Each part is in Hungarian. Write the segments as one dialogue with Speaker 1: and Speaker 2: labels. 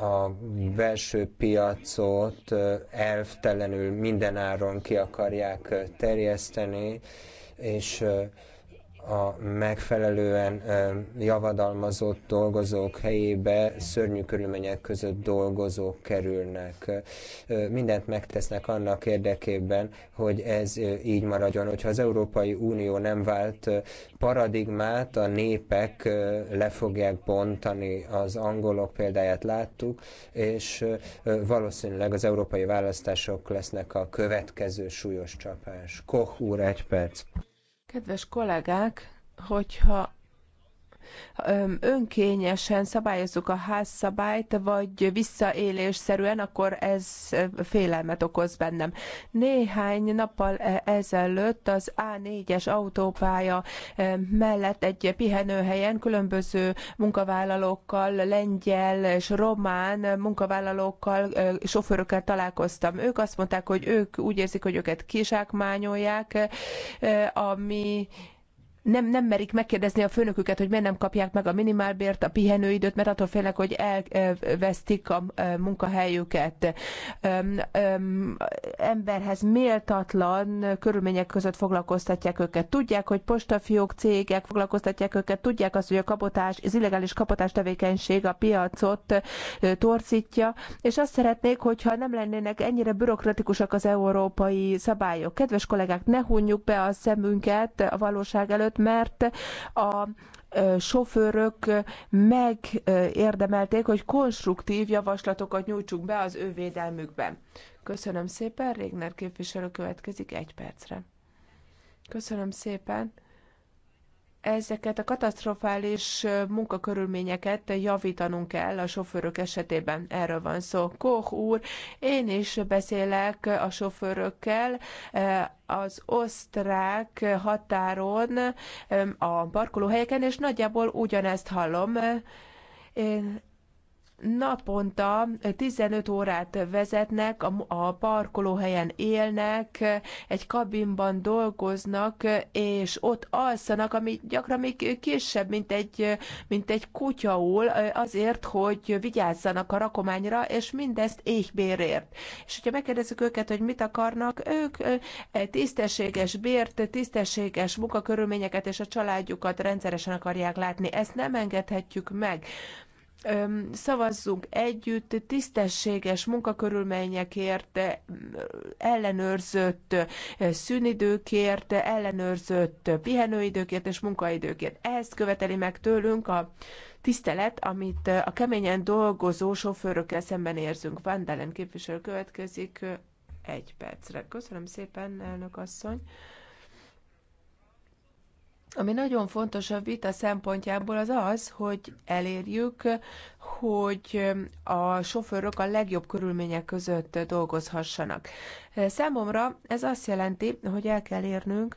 Speaker 1: a belső piacot elvtelenül mindenáron ki akarják terjeszteni, és a megfelelően javadalmazott dolgozók helyébe szörnyű körülmények között dolgozók kerülnek. Mindent megtesznek annak érdekében, hogy ez így maradjon. Hogyha az Európai Unió nem vált paradigmát, a népek le fogják bontani. Az angolok példáját láttuk, és valószínűleg az európai választások lesznek a következő súlyos csapás. Koch úr, egy perc.
Speaker 2: Kedves kollégák, hogyha önkényesen szabályozzuk a házszabályt, vagy visszaélésszerűen, akkor ez félelmet okoz bennem. Néhány nappal e, ezelőtt az A4-es autópálya mellett egy pihenőhelyen különböző munkavállalókkal, lengyel és román munkavállalókkal, sofőrökkel találkoztam. Ők azt mondták, hogy ők úgy érzik, hogy őket kizsákmányolják, ami nem, nem merik megkérdezni a főnöküket, hogy miért nem kapják meg a minimálbért, a pihenőidőt, mert attól félnek, hogy elvesztik a munkahelyüket. Emberhez méltatlan körülmények között foglalkoztatják őket. Tudják, hogy postafiók, cégek foglalkoztatják őket, tudják azt, hogy a kapotás, az illegális kapotás tevékenység a piacot torzítja, és azt szeretnék, hogyha nem lennének ennyire bürokratikusak az európai szabályok. Kedves kollégák, ne hunjuk be a szemünket a valóság előtt, között, mert a sofőrök megérdemelték, hogy konstruktív javaslatokat nyújtsunk be az ő védelmükben. Köszönöm szépen, Régner képviselő következik egy percre. Köszönöm szépen ezeket a katasztrofális munkakörülményeket javítanunk kell a sofőrök esetében. Erről van szó. Koch úr, én is beszélek a sofőrökkel. Az osztrák határon a parkolóhelyeken, és nagyjából ugyanezt hallom. Én naponta 15 órát vezetnek, a parkolóhelyen élnek, egy kabinban dolgoznak, és ott alszanak, ami gyakran még kisebb, mint egy, mint egy kutyaul, azért, hogy vigyázzanak a rakományra, és mindezt éhbérért. És hogyha megkérdezzük őket, hogy mit akarnak, ők e, tisztességes bért, tisztességes munkakörülményeket és a családjukat rendszeresen akarják látni. Ezt nem engedhetjük meg szavazzunk együtt tisztességes munkakörülményekért, ellenőrzött szünidőkért, ellenőrzött pihenőidőkért és munkaidőkért. Ezt követeli meg tőlünk a tisztelet, amit a keményen dolgozó sofőrökkel szemben érzünk. Van Dalen képviselő következik egy percre. Köszönöm szépen, elnök asszony. Ami nagyon fontos a vita szempontjából az az, hogy elérjük, hogy a sofőrök a legjobb körülmények között dolgozhassanak. Számomra ez azt jelenti, hogy el kell érnünk,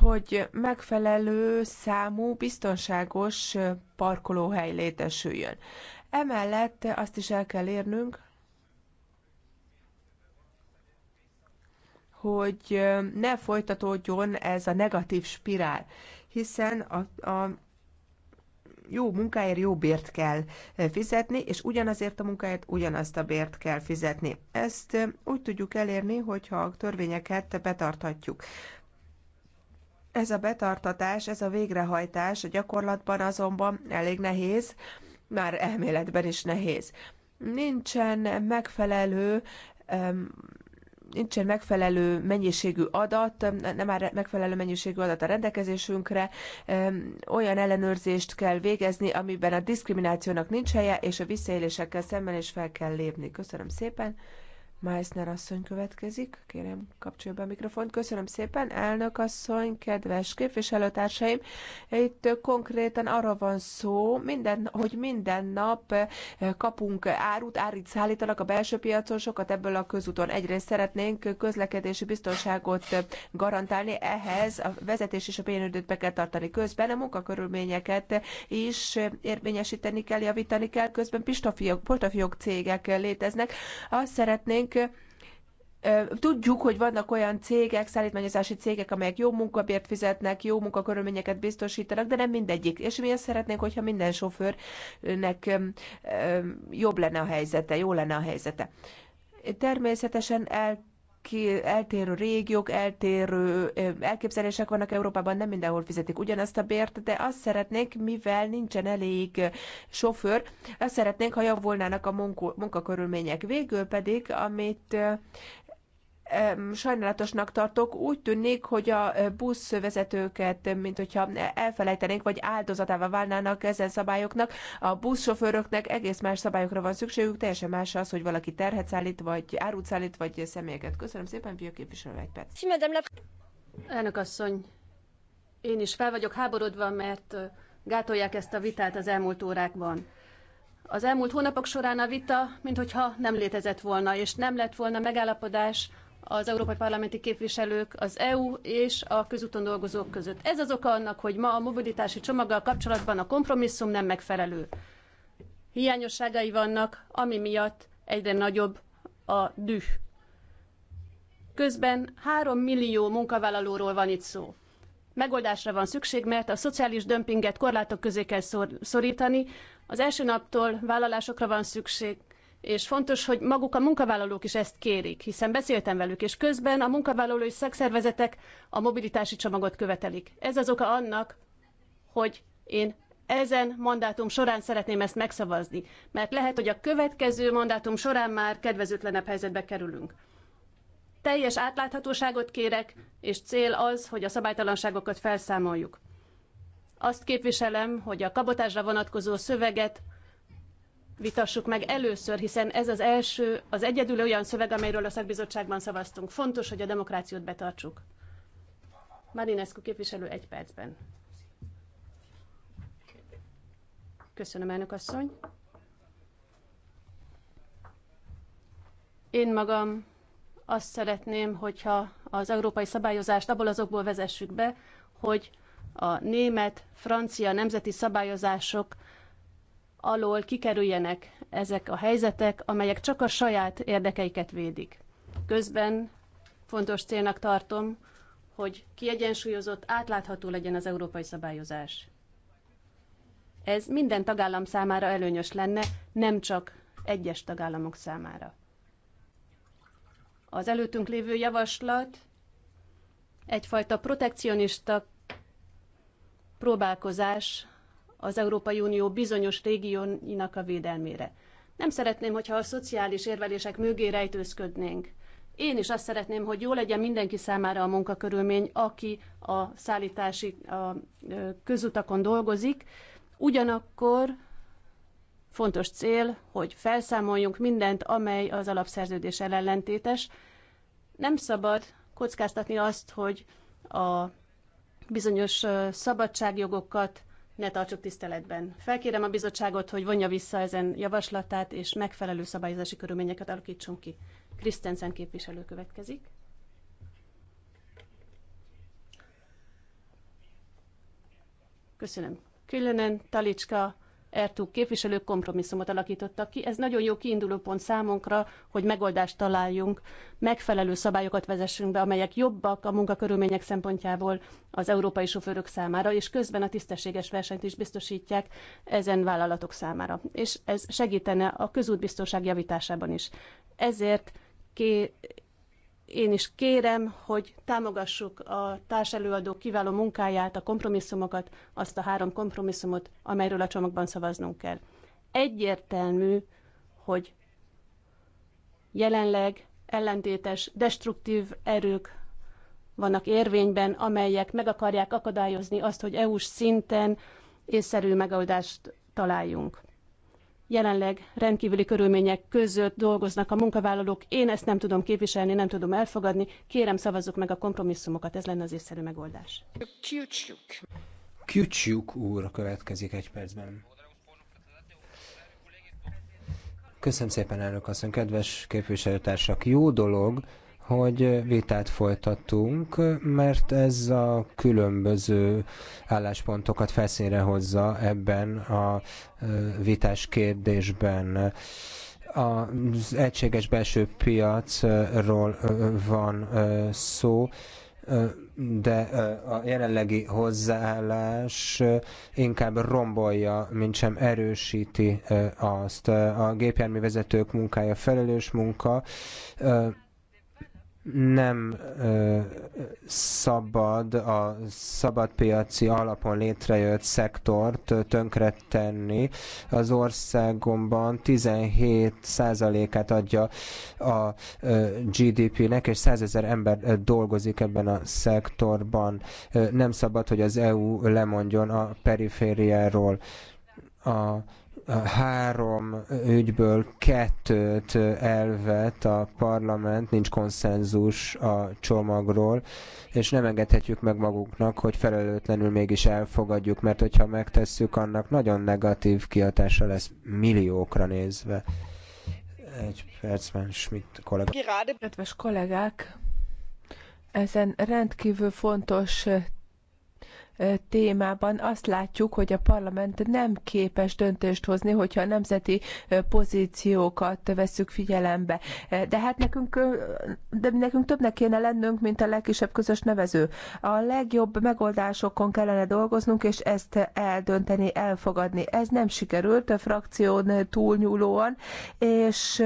Speaker 2: hogy megfelelő számú biztonságos parkolóhely létesüljön. Emellett azt is el kell érnünk, hogy ne folytatódjon ez a negatív spirál, hiszen a, a jó munkáért jó bért kell fizetni, és ugyanazért a munkáért ugyanazt a bért kell fizetni. Ezt úgy tudjuk elérni, hogyha a törvényeket betarthatjuk. Ez a betartatás, ez a végrehajtás a gyakorlatban azonban elég nehéz, már elméletben is nehéz. Nincsen megfelelő nincsen megfelelő mennyiségű adat, nem áll megfelelő mennyiségű adat a rendelkezésünkre, olyan ellenőrzést kell végezni, amiben a diszkriminációnak nincs helye, és a visszaélésekkel szemben is fel kell lépni. Köszönöm szépen! Meissner asszony következik. Kérem, kapcsolja be a mikrofont. Köszönöm szépen, elnök asszony, kedves képviselőtársaim. Itt konkrétan arra van szó, minden, hogy minden nap eh, kapunk árut, árit szállítanak a belső piacon, sokat ebből a közúton. Egyrészt szeretnénk közlekedési biztonságot garantálni, ehhez a vezetés és a pénődőt be kell tartani. Közben a munkakörülményeket is érvényesíteni kell, javítani kell. Közben pistafiok, portafiok cégek léteznek. Azt szeretnénk, szeretnénk Tudjuk, hogy vannak olyan cégek, szállítmányozási cégek, amelyek jó munkabért fizetnek, jó munkakörülményeket biztosítanak, de nem mindegyik. És mi azt szeretnénk, hogyha minden sofőrnek jobb lenne a helyzete, jó lenne a helyzete. Természetesen el ki, eltérő régiók, eltérő elképzelések vannak Európában, nem mindenhol fizetik ugyanazt a bért, de azt szeretnék, mivel nincsen elég sofőr, azt szeretnénk, ha javulnának a munkakörülmények. Végül pedig, amit sajnálatosnak tartok. Úgy tűnik, hogy a eh, buszvezetőket, mint hogyha elfelejtenénk, vagy áldozatává válnának ezen szabályoknak. A buszsofőröknek egész más szabályokra van szükségük, teljesen más az, hogy valaki terhet szállít, vagy árut szállít, vagy személyeket. Köszönöm szépen, Pia képviselő, egy perc. Elnök asszony,
Speaker 3: én is fel vagyok háborodva, mert eh, gátolják ezt a vitát az elmúlt órákban. Az elmúlt hónapok során a vita, mintha nem létezett volna, és nem lett volna megállapodás az európai parlamenti képviselők, az EU és a közúton dolgozók között. Ez az oka annak, hogy ma a mobilitási csomaggal kapcsolatban a kompromisszum nem megfelelő. Hiányosságai vannak, ami miatt egyre nagyobb a düh. Közben Három millió munkavállalóról van itt szó. Megoldásra van szükség, mert a szociális dömpinget korlátok közé kell szor- szorítani. Az első naptól vállalásokra van szükség, és fontos, hogy maguk a munkavállalók is ezt kérik, hiszen beszéltem velük, és közben a munkavállalói szakszervezetek a mobilitási csomagot követelik. Ez az oka annak, hogy én ezen mandátum során szeretném ezt megszavazni, mert lehet, hogy a következő mandátum során már kedvezőtlenebb helyzetbe kerülünk. Teljes átláthatóságot kérek, és cél az, hogy a szabálytalanságokat felszámoljuk. Azt képviselem, hogy a kabotásra vonatkozó szöveget vitassuk meg először, hiszen ez az első, az egyedül olyan szöveg, amelyről a szakbizottságban szavaztunk. Fontos, hogy a demokrációt betartsuk. Marinescu képviselő egy percben. Köszönöm, elnök asszony. Én magam azt szeretném, hogyha az európai szabályozást abból azokból vezessük be, hogy a német, francia nemzeti szabályozások alól kikerüljenek ezek a helyzetek, amelyek csak a saját érdekeiket védik. Közben fontos célnak tartom, hogy kiegyensúlyozott, átlátható legyen az európai szabályozás. Ez minden tagállam számára előnyös lenne, nem csak egyes tagállamok számára. Az előttünk lévő javaslat egyfajta protekcionista próbálkozás az Európai Unió bizonyos régióinak a védelmére. Nem szeretném, hogyha a szociális érvelések mögé rejtőzködnénk. Én is azt szeretném, hogy jó legyen mindenki számára a munkakörülmény, aki a szállítási a közutakon dolgozik. Ugyanakkor fontos cél, hogy felszámoljunk mindent, amely az alapszerződés ellentétes. Nem szabad kockáztatni azt, hogy a bizonyos szabadságjogokat ne tartsuk tiszteletben. Felkérem a bizottságot, hogy vonja vissza ezen javaslatát, és megfelelő szabályozási körülményeket alakítsunk ki. Krisztensen képviselő következik. Köszönöm. Különen, Talicska, ERTUK képviselők kompromisszumot alakítottak ki. Ez nagyon jó kiinduló pont számunkra, hogy megoldást találjunk, megfelelő szabályokat vezessünk be, amelyek jobbak a munkakörülmények szempontjából az európai sofőrök számára, és közben a tisztességes versenyt is biztosítják ezen vállalatok számára. És ez segítene a közútbiztonság javításában is. Ezért én is kérem, hogy támogassuk a társelőadó kiváló munkáját, a kompromisszumokat, azt a három kompromisszumot, amelyről a csomagban szavaznunk kell. Egyértelmű, hogy jelenleg ellentétes, destruktív erők vannak érvényben, amelyek meg akarják akadályozni azt, hogy EU-s szinten észszerű megoldást találjunk jelenleg rendkívüli körülmények között dolgoznak a munkavállalók. Én ezt nem tudom képviselni, nem tudom elfogadni. Kérem, szavazzuk meg a kompromisszumokat, ez lenne az észszerű megoldás.
Speaker 1: Kücsjuk úr következik egy percben. Köszönöm szépen, elnök asszony, kedves képviselőtársak! Jó dolog, hogy vitát folytatunk, mert ez a különböző álláspontokat felszínre hozza ebben a vitás kérdésben az egységes belső piacról van szó, de a jelenlegi hozzáállás inkább rombolja, mint sem erősíti azt. A gépjárművezetők munkája felelős munka, nem ö, szabad a szabadpiaci alapon létrejött szektort tönkretenni. Az országomban 17%-át adja a GDP-nek, és 100 ezer ember dolgozik ebben a szektorban. Nem szabad, hogy az EU lemondjon a perifériáról. A három ügyből kettőt elvet a parlament, nincs konszenzus a csomagról, és nem engedhetjük meg magunknak, hogy felelőtlenül mégis elfogadjuk, mert hogyha megtesszük, annak nagyon negatív kihatása lesz milliókra nézve. Egy percben, Schmidt kollega.
Speaker 2: Kedves kollégák, ezen rendkívül fontos témában azt látjuk, hogy a parlament nem képes döntést hozni, hogyha a nemzeti pozíciókat vesszük figyelembe. De hát nekünk, de nekünk többnek kéne lennünk, mint a legkisebb közös nevező. A legjobb megoldásokon kellene dolgoznunk, és ezt eldönteni, elfogadni. Ez nem sikerült a frakción túlnyúlóan, és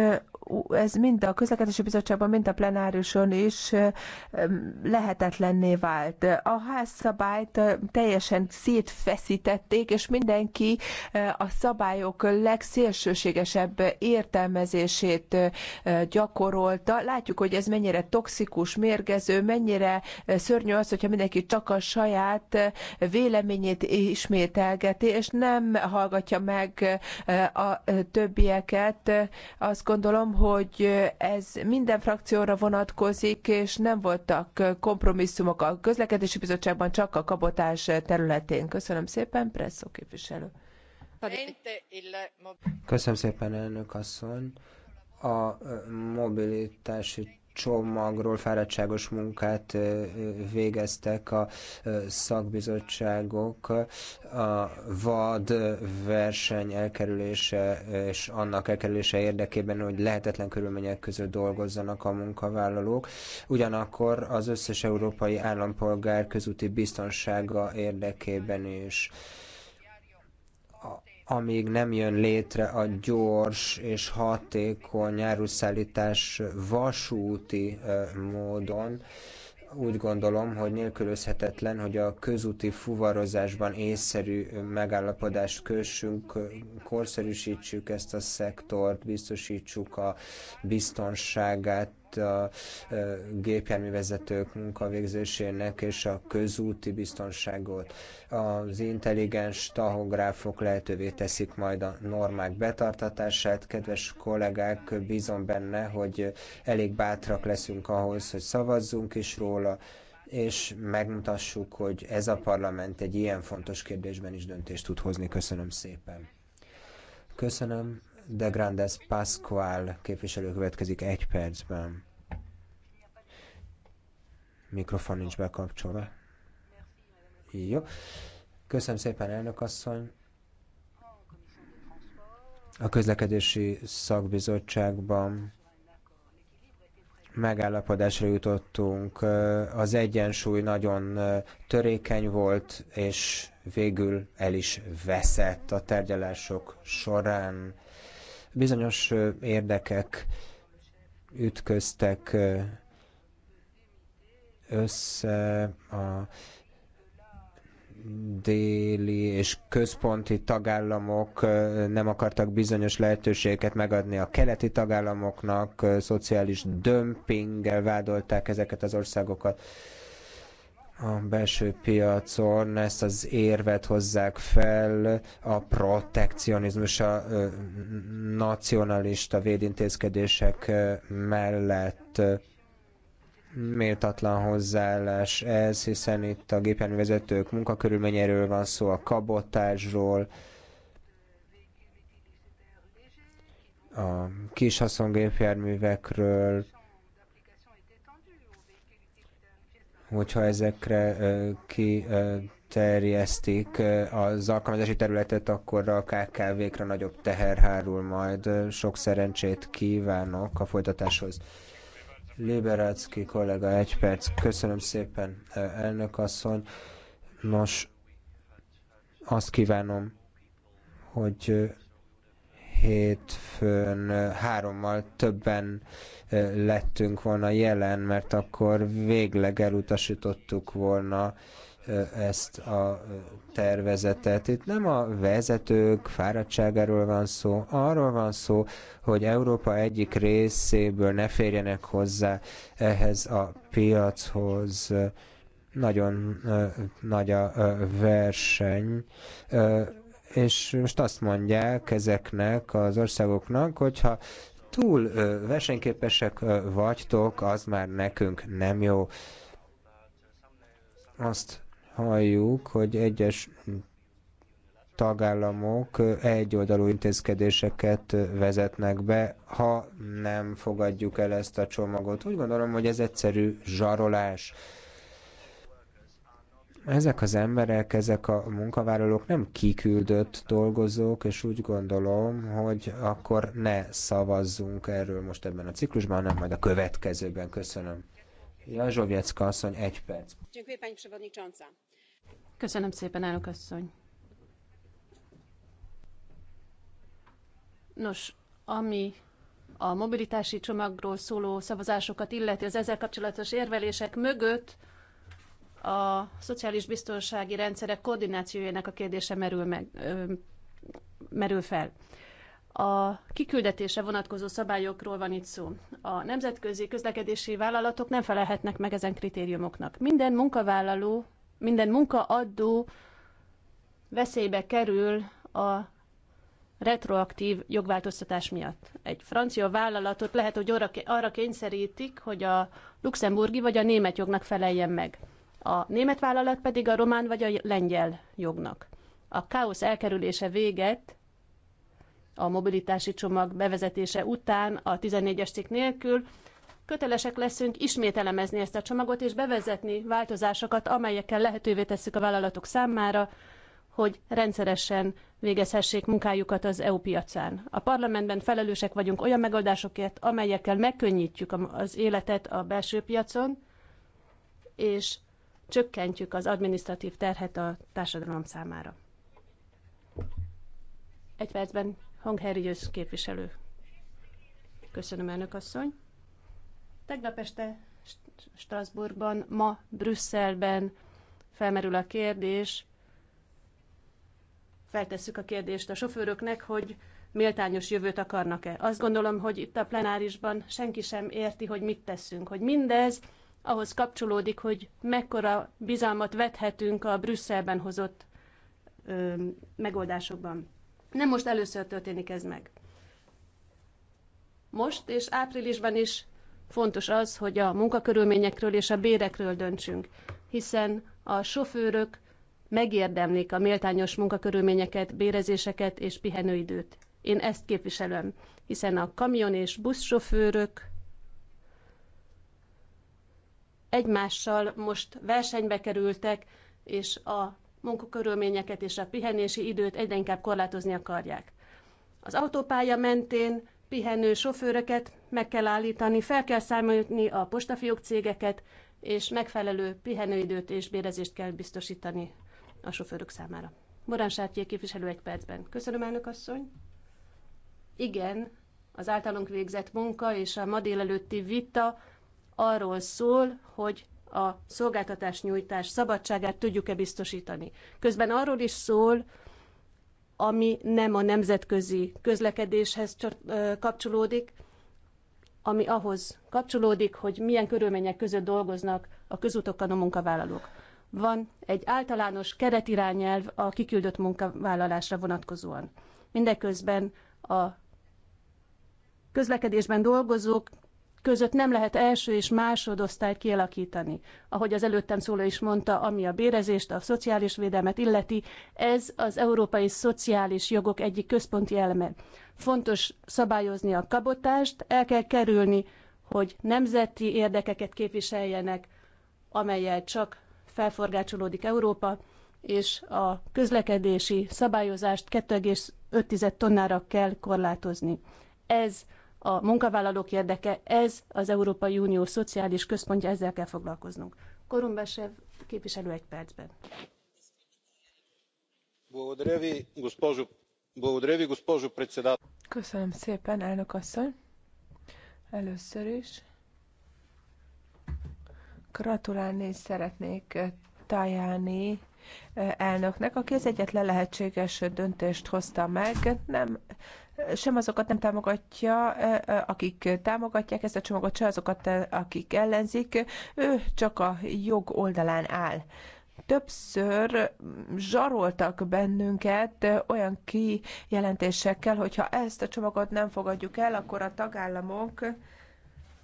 Speaker 2: ez mind a közlekedési bizottságban, mind a plenárison is lehetetlenné vált. A házszabályt teljesen szétfeszítették, és mindenki a szabályok legszélsőségesebb értelmezését gyakorolta. Látjuk, hogy ez mennyire toxikus, mérgező, mennyire szörnyű az, hogyha mindenki csak a saját véleményét ismételgeti, és nem hallgatja meg a többieket. Azt gondolom, hogy ez minden frakcióra vonatkozik, és nem voltak kompromisszumok a közlekedési bizottságban, csak a kabotás
Speaker 1: területén. Köszönöm szépen, Presszó képviselő. Köszönöm szépen, elnök asszony. A mobilitási csomagról fáradtságos munkát végeztek a szakbizottságok. A vad verseny elkerülése és annak elkerülése érdekében, hogy lehetetlen körülmények között dolgozzanak a munkavállalók. Ugyanakkor az összes európai állampolgár közúti biztonsága érdekében is amíg nem jön létre a gyors és hatékony áruszállítás vasúti módon, úgy gondolom, hogy nélkülözhetetlen, hogy a közúti fuvarozásban észszerű megállapodást kössünk, korszerűsítsük ezt a szektort, biztosítsuk a biztonságát a gépjárművezetők munkavégzésének és a közúti biztonságot. Az intelligens tahográfok lehetővé teszik majd a normák betartatását. Kedves kollégák, bízom benne, hogy elég bátrak leszünk ahhoz, hogy szavazzunk is róla, és megmutassuk, hogy ez a parlament egy ilyen fontos kérdésben is döntést tud hozni. Köszönöm szépen. Köszönöm. De Grandes Pascual képviselő következik egy percben. Mikrofon nincs bekapcsolva. Jó. Köszönöm szépen, elnök asszony. A közlekedési szakbizottságban megállapodásra jutottunk. Az egyensúly nagyon törékeny volt, és végül el is veszett a tárgyalások során. Bizonyos érdekek ütköztek össze a déli és központi tagállamok nem akartak bizonyos lehetőségeket megadni a keleti tagállamoknak, szociális dömpinggel vádolták ezeket az országokat a belső piacon ezt az érvet hozzák fel a protekcionizmus, a nacionalista védintézkedések mellett méltatlan hozzáállás ez, hiszen itt a gépjárművezetők munkakörülményéről van szó, a kabotásról, a kis haszongépjárművekről, hogyha ezekre kiterjesztik az alkalmazási területet, akkor a kkv kre nagyobb teher hárul majd. Sok szerencsét kívánok a folytatáshoz. Liberácki kollega, egy perc. Köszönöm szépen, elnök asszony. Nos, azt kívánom, hogy hétfőn hárommal többen lettünk volna jelen, mert akkor végleg elutasítottuk volna ezt a tervezetet. Itt nem a vezetők fáradtságáról van szó, arról van szó, hogy Európa egyik részéből ne férjenek hozzá ehhez a piachoz. Nagyon nagy a verseny és most azt mondják ezeknek az országoknak, hogyha túl versenyképesek vagytok, az már nekünk nem jó. Azt halljuk, hogy egyes tagállamok egyoldalú intézkedéseket vezetnek be, ha nem fogadjuk el ezt a csomagot. Úgy gondolom, hogy ez egyszerű zsarolás ezek az emberek, ezek a munkavállalók nem kiküldött dolgozók, és úgy gondolom, hogy akkor ne szavazzunk erről most ebben a ciklusban, hanem majd a következőben. Köszönöm. Jazsovjecka asszony, egy perc. Köszönöm szépen,
Speaker 3: állok asszony. Nos, ami a mobilitási csomagról szóló szavazásokat illeti, az ezzel kapcsolatos érvelések mögött a szociális biztonsági rendszerek koordinációjának a kérdése merül, meg, ö, merül fel. A kiküldetése vonatkozó szabályokról van itt szó. A nemzetközi közlekedési vállalatok nem felelhetnek meg ezen kritériumoknak. Minden munkavállaló, minden munkaadó veszélybe kerül a retroaktív jogváltoztatás miatt. Egy francia vállalatot lehet, hogy arra kényszerítik, hogy a luxemburgi vagy a német jognak feleljen meg a német vállalat pedig a román vagy a lengyel jognak. A káosz elkerülése véget a mobilitási csomag bevezetése után a 14-es cikk nélkül kötelesek leszünk ismét elemezni ezt a csomagot és bevezetni változásokat, amelyekkel lehetővé tesszük a vállalatok számára, hogy rendszeresen végezhessék munkájukat az EU piacán. A parlamentben felelősek vagyunk olyan megoldásokért, amelyekkel megkönnyítjük az életet a belső piacon, és csökkentjük az adminisztratív terhet a társadalom számára. Egy percben Hangherjős képviselő. Köszönöm, elnök asszony. Tegnap este Strasbourgban, ma Brüsszelben felmerül a kérdés, feltesszük a kérdést a sofőröknek, hogy méltányos jövőt akarnak-e. Azt gondolom, hogy itt a plenárisban senki sem érti, hogy mit teszünk, hogy mindez ahhoz kapcsolódik, hogy mekkora bizalmat vethetünk a Brüsszelben hozott ö, megoldásokban. Nem most először történik ez meg. Most és áprilisban is fontos az, hogy a munkakörülményekről és a bérekről döntsünk, hiszen a sofőrök megérdemlik a méltányos munkakörülményeket, bérezéseket és pihenőidőt. Én ezt képviselem, hiszen a kamion és buszsofőrök egymással most versenybe kerültek, és a munkakörülményeket és a pihenési időt egyre inkább korlátozni akarják. Az autópálya mentén pihenő sofőröket meg kell állítani, fel kell számolni a postafiók cégeket, és megfelelő pihenőidőt és bérezést kell biztosítani a sofőrök számára. Morán Sártyé képviselő egy percben. Köszönöm, elnök asszony. Igen, az általunk végzett munka és a ma délelőtti vita arról szól, hogy a szolgáltatás nyújtás szabadságát tudjuk-e biztosítani. Közben arról is szól, ami nem a nemzetközi közlekedéshez kapcsolódik, ami ahhoz kapcsolódik, hogy milyen körülmények között dolgoznak a közutokon a munkavállalók. Van egy általános keretirányelv a kiküldött munkavállalásra vonatkozóan. Mindeközben a közlekedésben dolgozók között nem lehet első és másodosztályt kialakítani. Ahogy az előttem szóló is mondta, ami a bérezést, a szociális védelmet illeti, ez az európai szociális jogok egyik központi eleme. Fontos szabályozni a kabotást, el kell kerülni, hogy nemzeti érdekeket képviseljenek, amelyel csak felforgácsolódik Európa, és a közlekedési szabályozást 2,5 tonnára kell korlátozni. Ez a munkavállalók érdeke, ez az Európai Unió szociális központja, ezzel kell foglalkoznunk. Korumbesev képviselő egy percben.
Speaker 2: Köszönöm szépen, elnök asszony. Először is gratulálni szeretnék Tajani eh, elnöknek, aki az egyetlen lehetséges döntést hozta meg, nem sem azokat nem támogatja, akik támogatják ezt a csomagot, sem azokat, akik ellenzik. Ő csak a jog oldalán áll többször zsaroltak bennünket olyan kijelentésekkel, hogyha ezt a csomagot nem fogadjuk el, akkor a tagállamok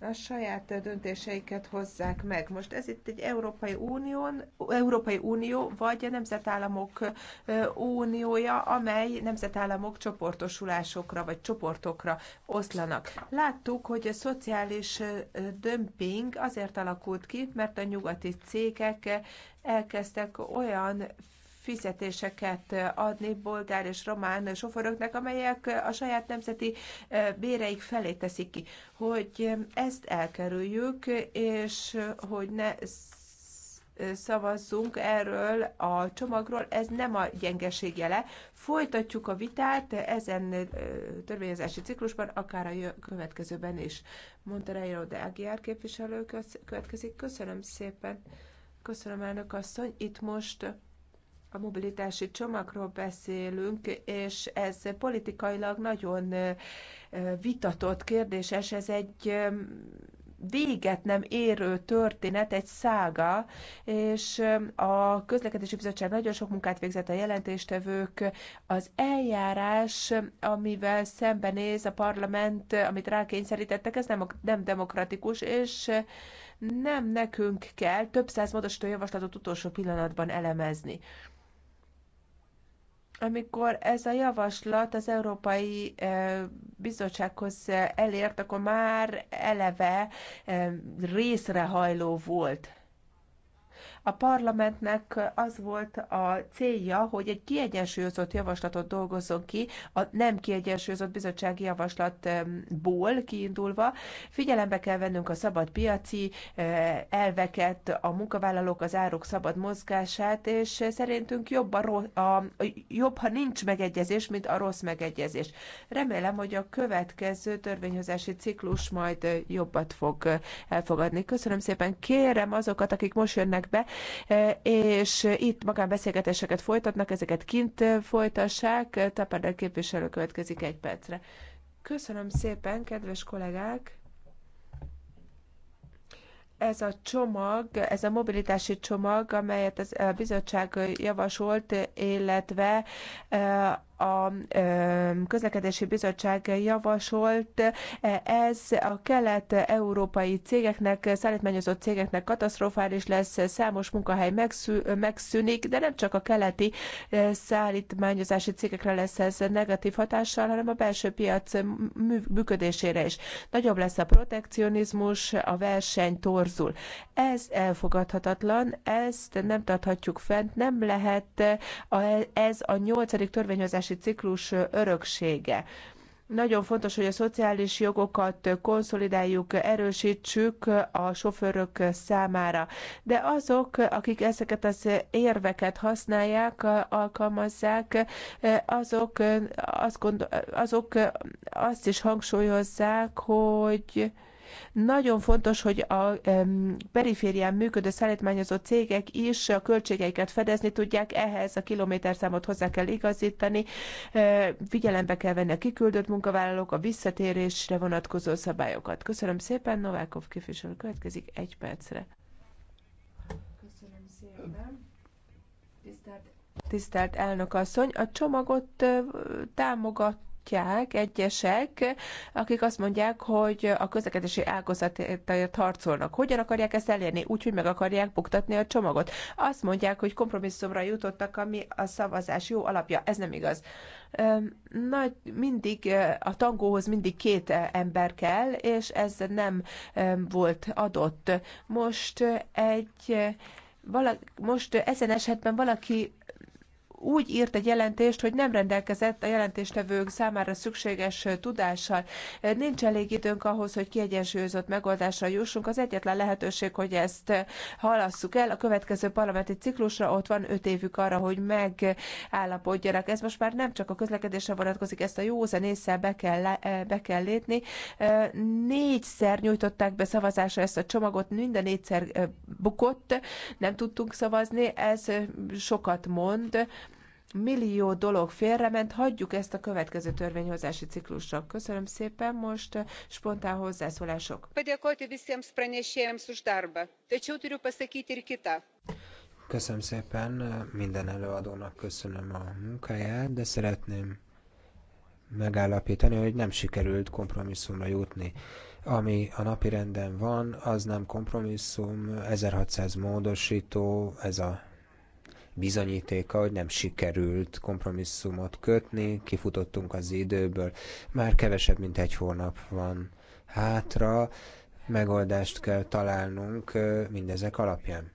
Speaker 2: a saját döntéseiket hozzák meg. Most ez itt egy Európai, Unión, Európai Unió, vagy a Nemzetállamok Uniója, amely nemzetállamok csoportosulásokra, vagy csoportokra oszlanak. Láttuk, hogy a szociális dömping azért alakult ki, mert a nyugati cégek elkezdtek olyan fizetéseket adni bolgár és román sofőröknek, amelyek a saját nemzeti béreik felé teszik ki. Hogy ezt elkerüljük, és hogy ne szavazzunk erről a csomagról, ez nem a gyengeség jele. Folytatjuk a vitát ezen törvényezési ciklusban, akár a következőben is. Montereiro de Aguiar képviselő következik. Köszönöm szépen. Köszönöm, elnök asszony. Itt most a mobilitási csomagról beszélünk, és ez politikailag nagyon vitatott kérdéses, ez egy véget nem érő történet, egy szága, és a közlekedési bizottság nagyon sok munkát végzett a jelentéstevők. Az eljárás, amivel szembenéz a parlament, amit rákényszerítettek, ez nem, nem demokratikus, és nem nekünk kell több száz módosító javaslatot utolsó pillanatban elemezni amikor ez a javaslat az Európai eh, Bizottsághoz eh, elért, akkor már eleve eh, részrehajló volt a parlamentnek az volt a célja, hogy egy kiegyensúlyozott javaslatot dolgozzon ki, a nem kiegyensúlyozott bizottsági javaslatból kiindulva. Figyelembe kell vennünk a szabad piaci eh, elveket, a munkavállalók az árok szabad mozgását, és szerintünk jobb, a, a, a, jobb ha nincs megegyezés, mint a rossz megegyezés. Remélem, hogy a következő törvényhozási ciklus majd jobbat fog eh, elfogadni. Köszönöm szépen. Kérem azokat, akik most jönnek be, és itt magánbeszélgetéseket folytatnak, ezeket kint folytassák. Tapadel képviselő következik egy percre. Köszönöm szépen, kedves kollégák! ez a csomag, ez a mobilitási csomag, amelyet a bizottság javasolt, illetve a közlekedési bizottság javasolt, e, ez a kelet-európai cégeknek, szállítmányozott cégeknek katasztrofális lesz, számos munkahely megszűnik, de nem csak a keleti e, szállítmányozási cégekre lesz ez negatív hatással, hanem a belső piac működésére is. Nagyobb lesz a protekcionizmus, a verseny torzul. Ez elfogadhatatlan, ezt nem tarthatjuk fent, nem lehet ez a nyolcadik törvényhozás jogalkotási ciklus öröksége. Nagyon fontos, hogy a szociális jogokat konszolidáljuk, erősítsük a sofőrök számára. De azok, akik ezeket az érveket használják, alkalmazzák, azok, azt gondol, azok azt is hangsúlyozzák, hogy nagyon fontos, hogy a periférián működő szállítmányozó cégek is a költségeiket fedezni tudják, ehhez a kilométerszámot hozzá kell igazítani, eh, figyelembe kell venni a kiküldött munkavállalók, a visszatérésre vonatkozó szabályokat. Köszönöm szépen, Novákov képviselő következik egy percre. Köszönöm szépen. Tisztelt Tisztelt elnök asszony, a csomagot eh, támogat tartják egyesek, akik azt mondják, hogy a közlekedési ágazatért harcolnak. Hogyan akarják ezt elérni? Úgy, hogy meg akarják buktatni a csomagot. Azt mondják, hogy kompromisszumra jutottak, ami a szavazás jó alapja. Ez nem igaz. Nagy, mindig a tangóhoz mindig két ember kell, és ez nem volt adott. Most egy valaki, most ezen esetben valaki úgy írt egy jelentést, hogy nem rendelkezett a jelentéstevők számára szükséges tudással. Nincs elég időnk ahhoz, hogy kiegyensúlyozott megoldásra jussunk. Az egyetlen lehetőség, hogy ezt halasszuk el. A következő parlamenti ciklusra ott van öt évük arra, hogy megállapodjanak. Ez most már nem csak a közlekedésre vonatkozik, ezt a józan észre be kell, eh, be kell lépni. Eh, négyszer nyújtották be szavazásra ezt a csomagot, minden négyszer eh, bukott, nem tudtunk szavazni, ez sokat mond millió dolog félrement, hagyjuk ezt a következő törvényhozási ciklusra. Köszönöm szépen, most eh, spontán hozzászólások.
Speaker 1: Köszönöm szépen, eh, minden előadónak köszönöm a munkáját, de szeretném megállapítani, hogy nem sikerült kompromisszumra jutni. Ami a napi renden van, az nem kompromisszum, 1600 módosító, ez a bizonyítéka, hogy nem sikerült kompromisszumot kötni, kifutottunk az időből, már kevesebb, mint egy hónap van hátra, megoldást kell találnunk mindezek alapján.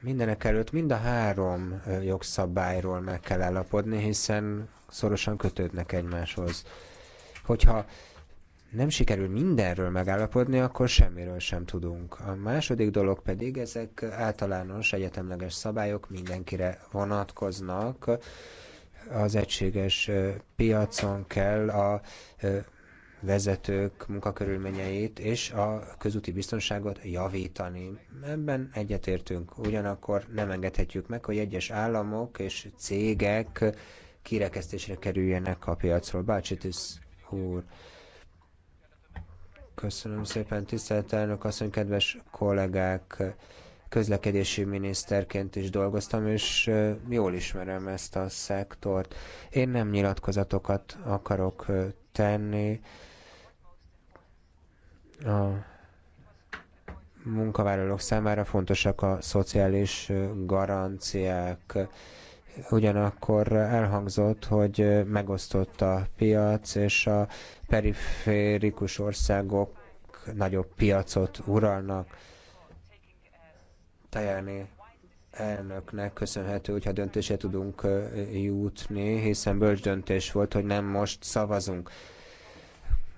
Speaker 1: Mindenek előtt mind a három jogszabályról meg kell állapodni, hiszen szorosan kötődnek egymáshoz. Hogyha nem sikerül mindenről megállapodni, akkor semmiről sem tudunk. A második dolog pedig ezek általános egyetemleges szabályok mindenkire vonatkoznak. Az egységes piacon kell a vezetők munkakörülményeit és a közúti biztonságot javítani. Ebben egyetértünk, ugyanakkor nem engedhetjük meg, hogy egyes államok és cégek kirekesztésre kerüljenek a piacról. Bácsitis úr, Köszönöm szépen, tisztelt elnök asszony, kedves kollégák! Közlekedési miniszterként is dolgoztam, és jól ismerem ezt a szektort. Én nem nyilatkozatokat akarok tenni. A munkavállalók számára fontosak a szociális garanciák ugyanakkor elhangzott, hogy megosztott a piac, és a periférikus országok nagyobb piacot uralnak. Tajani elnöknek köszönhető, hogyha döntése tudunk jutni, hiszen bölcs döntés volt, hogy nem most szavazunk.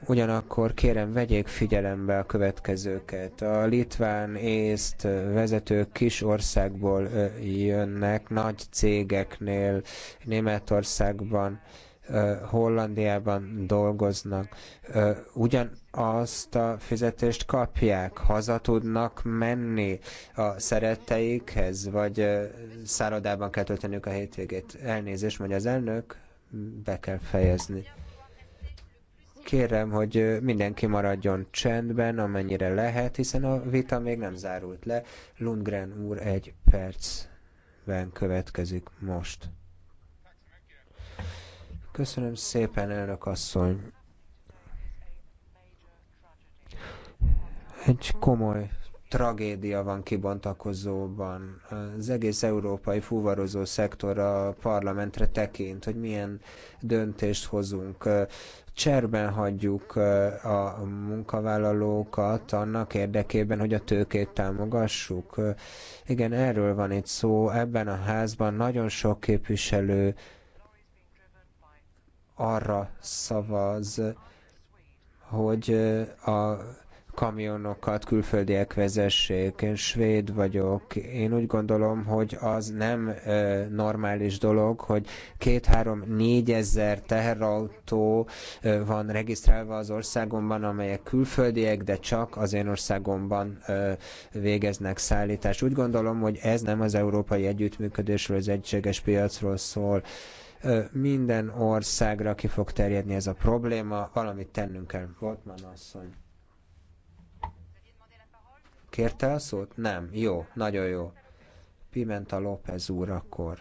Speaker 1: Ugyanakkor kérem, vegyék figyelembe a következőket. A litván, észt vezetők kis országból jönnek, nagy cégeknél, Németországban, Hollandiában dolgoznak, ugyanazt a fizetést kapják, haza tudnak menni a szeretteikhez, vagy szállodában kell tölteniük a hétvégét. Elnézést, mondja az elnök, be kell fejezni. Kérem, hogy mindenki maradjon csendben, amennyire lehet, hiszen a vita még nem zárult le. Lundgren úr egy percben következik most. Köszönöm szépen, elnök asszony. Egy komoly tragédia van kibontakozóban. Az egész európai fuvarozó szektor a parlamentre tekint, hogy milyen döntést hozunk. Cserben hagyjuk eh, a munkavállalókat annak érdekében, hogy a tőkét támogassuk. Igen, erről van itt szó. Ebben a házban nagyon sok képviselő arra szavaz, hogy eh, a kamionokat külföldiek vezessék. Én svéd vagyok. Én úgy gondolom, hogy az nem ö, normális dolog, hogy két-három-négy ezer teherautó ö, van regisztrálva az országomban, amelyek külföldiek, de csak az én országomban ö, végeznek szállítást. Úgy gondolom, hogy ez nem az európai együttműködésről, az egységes piacról szól. Ö, minden országra ki fog terjedni ez a probléma, valamit tennünk kell. Botman asszony. Kérte a szót? Nem. Jó, nagyon jó. Pimenta López úr akkor.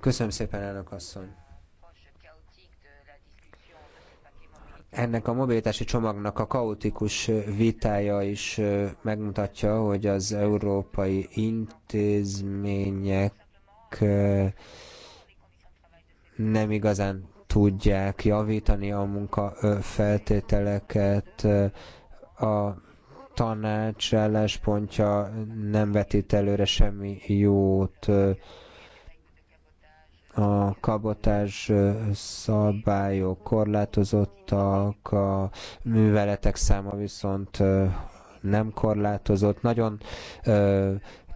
Speaker 1: Köszönöm szépen, elnök asszony. ennek a mobilitási csomagnak a kaotikus vitája is megmutatja, hogy az európai intézmények nem igazán tudják javítani a munkafeltételeket, a tanács álláspontja nem vetít előre semmi jót. A kabotás szabályok korlátozottak, a műveletek száma viszont nem korlátozott. Nagyon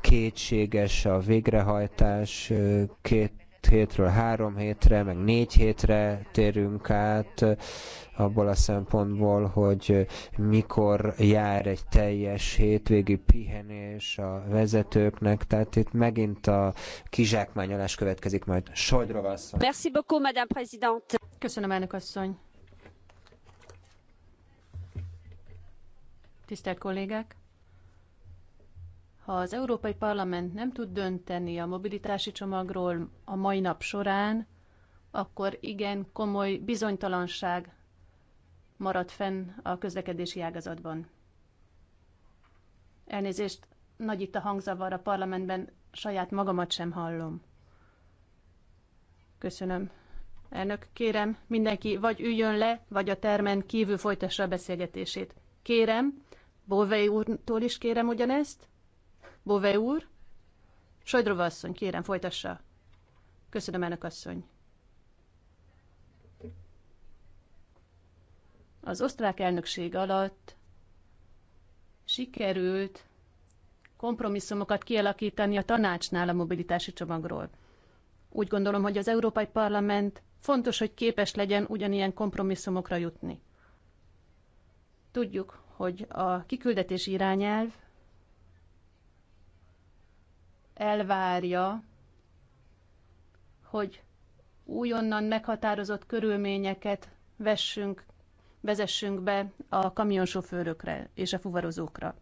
Speaker 1: kétséges a végrehajtás, két hétről három hétre, meg négy hétre térünk át, eh, abból a szempontból, hogy mikor jár egy teljes hétvégi pihenés a vezetőknek, tehát itt megint a kizsákmányolás következik majd. Sojdrova asszony.
Speaker 3: Merci beaucoup, madame President. Köszönöm, elnök asszony. Tisztelt kollégák! Ha az Európai Parlament nem tud dönteni a mobilitási csomagról a mai nap során, akkor igen komoly bizonytalanság marad fenn a közlekedési ágazatban. Elnézést, nagy itt a hangzavar a parlamentben, saját magamat sem hallom. Köszönöm. Elnök, kérem, mindenki vagy üljön le, vagy a termen kívül folytassa a beszélgetését. Kérem, Bolvei úrtól is kérem ugyanezt, Bové úr, Sajdrova asszony, kérem, folytassa. Köszönöm, elnök asszony. Az osztrák elnökség alatt sikerült kompromisszumokat kialakítani a tanácsnál a mobilitási csomagról. Úgy gondolom, hogy az Európai Parlament fontos, hogy képes legyen ugyanilyen kompromisszumokra jutni. Tudjuk, hogy a kiküldetési irányelv elvárja, hogy újonnan meghatározott körülményeket vessünk, vezessünk be a kamionsofőrökre és a fuvarozókra.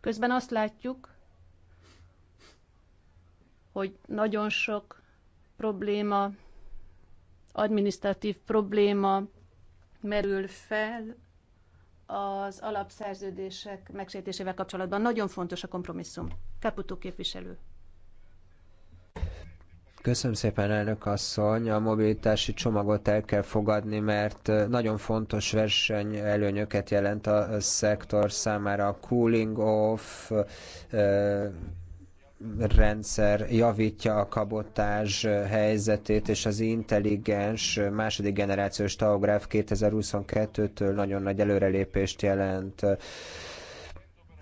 Speaker 3: Közben azt látjuk, hogy nagyon sok probléma, adminisztratív probléma merül fel az alapszerződések megsértésével kapcsolatban. Nagyon fontos a kompromisszum. Kaputó képviselő.
Speaker 1: Köszönöm szépen, elnök asszony. A mobilitási csomagot el kell fogadni, mert nagyon fontos verseny előnyöket jelent a szektor számára. A cooling off rendszer javítja a kabotás helyzetét, és az intelligens második generációs tahográf 2022-től nagyon nagy előrelépést jelent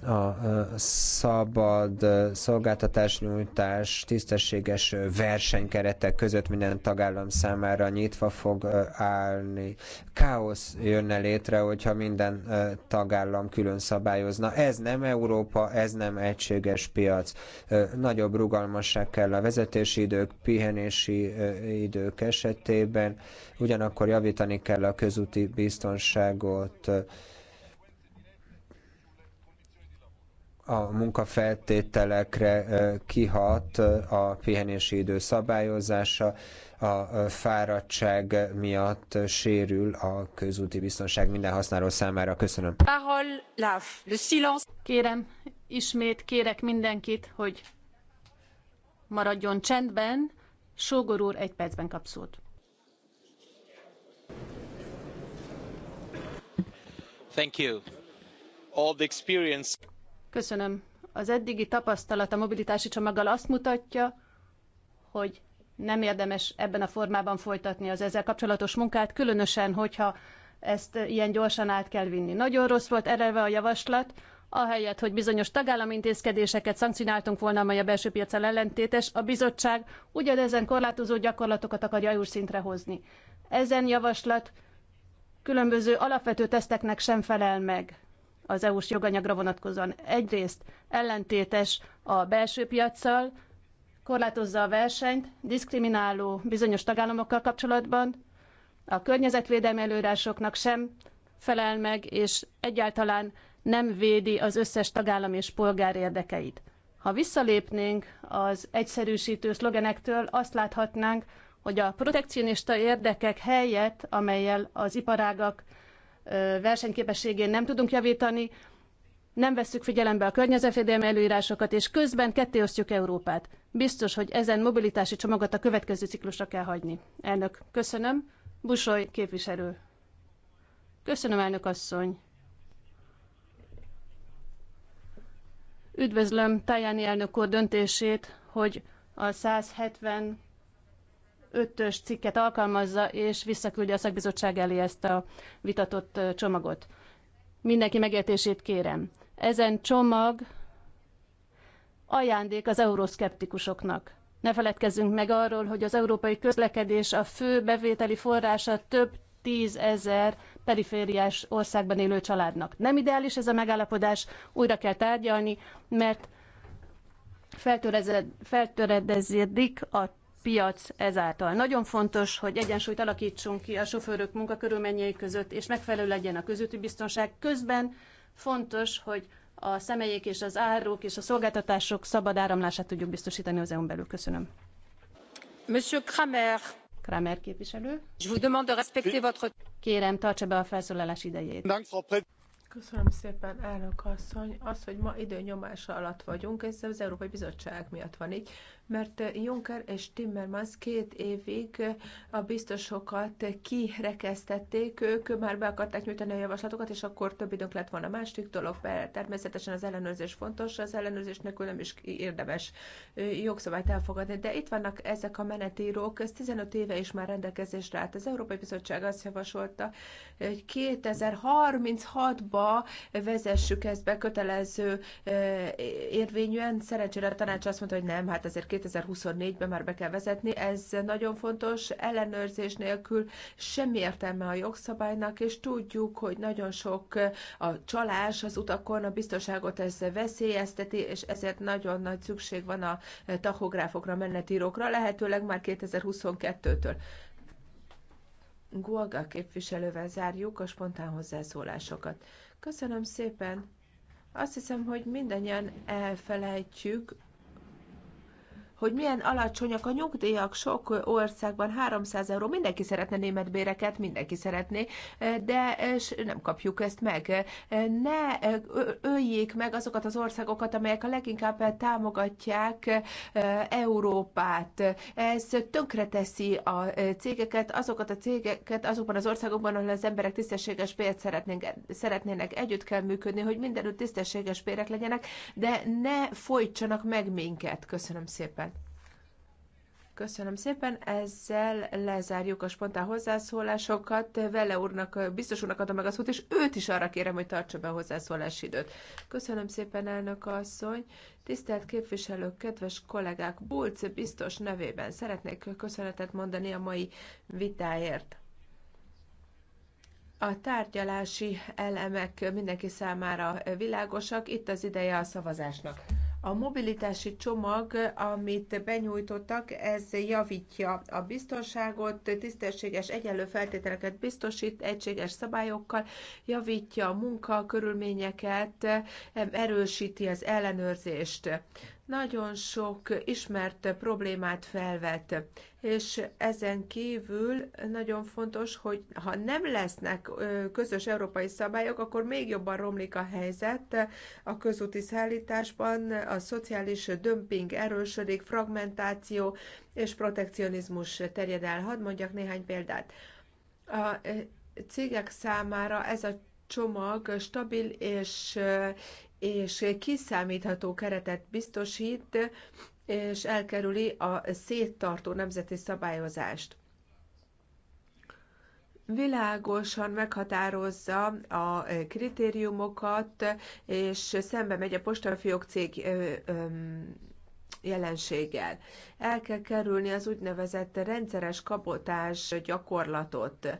Speaker 1: a szabad szolgáltatás nyújtás tisztességes versenykeretek között minden tagállam számára nyitva fog állni. Káosz jönne létre, hogyha minden tagállam külön szabályozna. Ez nem Európa, ez nem egységes piac. Nagyobb rugalmasság kell a vezetési idők, pihenési idők esetében, ugyanakkor javítani kell a közúti biztonságot, a munkafeltételekre kihat a pihenési idő szabályozása, a fáradtság miatt sérül a közúti biztonság minden használó számára. Köszönöm.
Speaker 3: Kérem, ismét kérek mindenkit, hogy maradjon csendben. Sógor úr egy percben kap szót.
Speaker 1: Thank you. All the experience
Speaker 3: Köszönöm. Az eddigi tapasztalat a mobilitási csomaggal azt mutatja, hogy nem érdemes ebben a formában folytatni az ezzel kapcsolatos munkát, különösen, hogyha ezt ilyen gyorsan át kell vinni. Nagyon rossz volt eleve a javaslat, ahelyett, hogy bizonyos tagállami intézkedéseket szankcionáltunk volna, amely a belső piacsal ellentétes, a bizottság ugyanezen korlátozó gyakorlatokat akarja EU szintre hozni. Ezen javaslat különböző alapvető teszteknek sem felel meg az EU-s joganyagra vonatkozóan. Egyrészt ellentétes a belső piaccal, korlátozza a versenyt, diszkrimináló bizonyos tagállamokkal kapcsolatban, a környezetvédelmi előírásoknak sem felel meg, és egyáltalán nem védi az összes tagállam és polgár érdekeit. Ha visszalépnénk az egyszerűsítő szlogenektől, azt láthatnánk, hogy a protekcionista érdekek helyett, amelyel az iparágak versenyképességén nem tudunk javítani, nem vesszük figyelembe a környezetvédelmi előírásokat, és közben kettéosztjuk Európát. Biztos, hogy ezen mobilitási csomagot a következő ciklusra kell hagyni. Elnök, köszönöm. Busoly képviselő. Köszönöm, elnök asszony. Üdvözlöm Tajani elnök úr döntését, hogy a 170 ötös cikket alkalmazza, és visszaküldi a szakbizottság elé ezt a vitatott csomagot. Mindenki megértését kérem. Ezen csomag ajándék az euroszkeptikusoknak. Ne feledkezzünk meg arról, hogy az európai közlekedés a fő bevételi forrása több tízezer perifériás országban élő családnak. Nem ideális ez a megállapodás, újra kell tárgyalni, mert feltöredezik a piac ezáltal. Nagyon fontos, hogy egyensúlyt alakítsunk ki a sofőrök munkakörülményei között, és megfelelő legyen a közúti biztonság. Közben fontos, hogy a személyek és az áruk és a szolgáltatások szabad áramlását tudjuk biztosítani az EU-n belül. Köszönöm. Monsieur Kramer. Kramer képviselő.
Speaker 1: Je vous demande de respecter
Speaker 3: votre... Kérem, tartsa be a felszólalás idejét.
Speaker 2: Köszönöm szépen, elnök asszony. Az, hogy ma időnyomása alatt vagyunk, ez az Európai Bizottság miatt van így, mert Juncker és Timmermans két évig a biztosokat kirekesztették, ők már be akarták nyújtani a javaslatokat, és akkor több időnk lett volna. Másik dolog, természetesen az ellenőrzés fontos, az ellenőrzés nélkül nem is érdemes jogszabályt elfogadni, de itt vannak ezek a menetírók, ez 15 éve is már rendelkezésre állt. Az Európai Bizottság azt javasolta, hogy 2036-ban Európa vezessük ezt be kötelező érvényűen. Szerencsére a tanács azt mondta, hogy nem, hát azért 2024-ben már be kell vezetni. Ez nagyon fontos, ellenőrzés nélkül semmi értelme a jogszabálynak, és tudjuk, hogy nagyon sok a csalás az utakon, a biztonságot ez veszélyezteti, és ezért nagyon nagy szükség van a tachográfokra, menetírókra, lehetőleg már 2022-től. Guaga képviselővel zárjuk a spontán hozzászólásokat. Köszönöm szépen! Azt hiszem, hogy mindannyian elfelejtjük hogy milyen alacsonyak a nyugdíjak sok országban, 300 euró, mindenki szeretne német béreket, mindenki szeretné, de nem kapjuk ezt meg. Ne öljék meg azokat az országokat, amelyek a leginkább támogatják Európát. Ez tönkreteszi a cégeket, azokat a cégeket azokban az országokban, ahol az emberek tisztességes bért szeretnének. Együtt kell működni, hogy mindenütt tisztességes bérek legyenek, de ne folytsanak meg minket. Köszönöm szépen. Köszönöm szépen, ezzel lezárjuk a spontán hozzászólásokat. Vele úrnak, biztos úrnak adom meg a szót, és őt is arra kérem, hogy tartsa be a hozzászólási időt. Köszönöm szépen, elnök asszony. Tisztelt képviselők, kedves kollégák, Bulc biztos nevében szeretnék köszönetet mondani a mai vitáért. A tárgyalási elemek mindenki számára világosak, itt az ideje a szavazásnak. A mobilitási csomag, amit benyújtottak, ez javítja a biztonságot, tisztességes, egyenlő feltételeket biztosít, egységes szabályokkal, javítja a munkakörülményeket, erősíti az ellenőrzést nagyon sok ismert problémát felvet, és ezen kívül nagyon fontos, hogy ha nem lesznek közös európai szabályok, akkor még jobban romlik a helyzet a közúti szállításban, a szociális dömping erősödik, fragmentáció és protekcionizmus terjed el. Hadd mondjak néhány példát. A cégek számára ez a csomag stabil és és kiszámítható keretet biztosít, és elkerüli a széttartó nemzeti szabályozást. Világosan meghatározza a kritériumokat, és szembe megy a postafiók cég jelenséggel. El kell kerülni az úgynevezett rendszeres kabotás gyakorlatot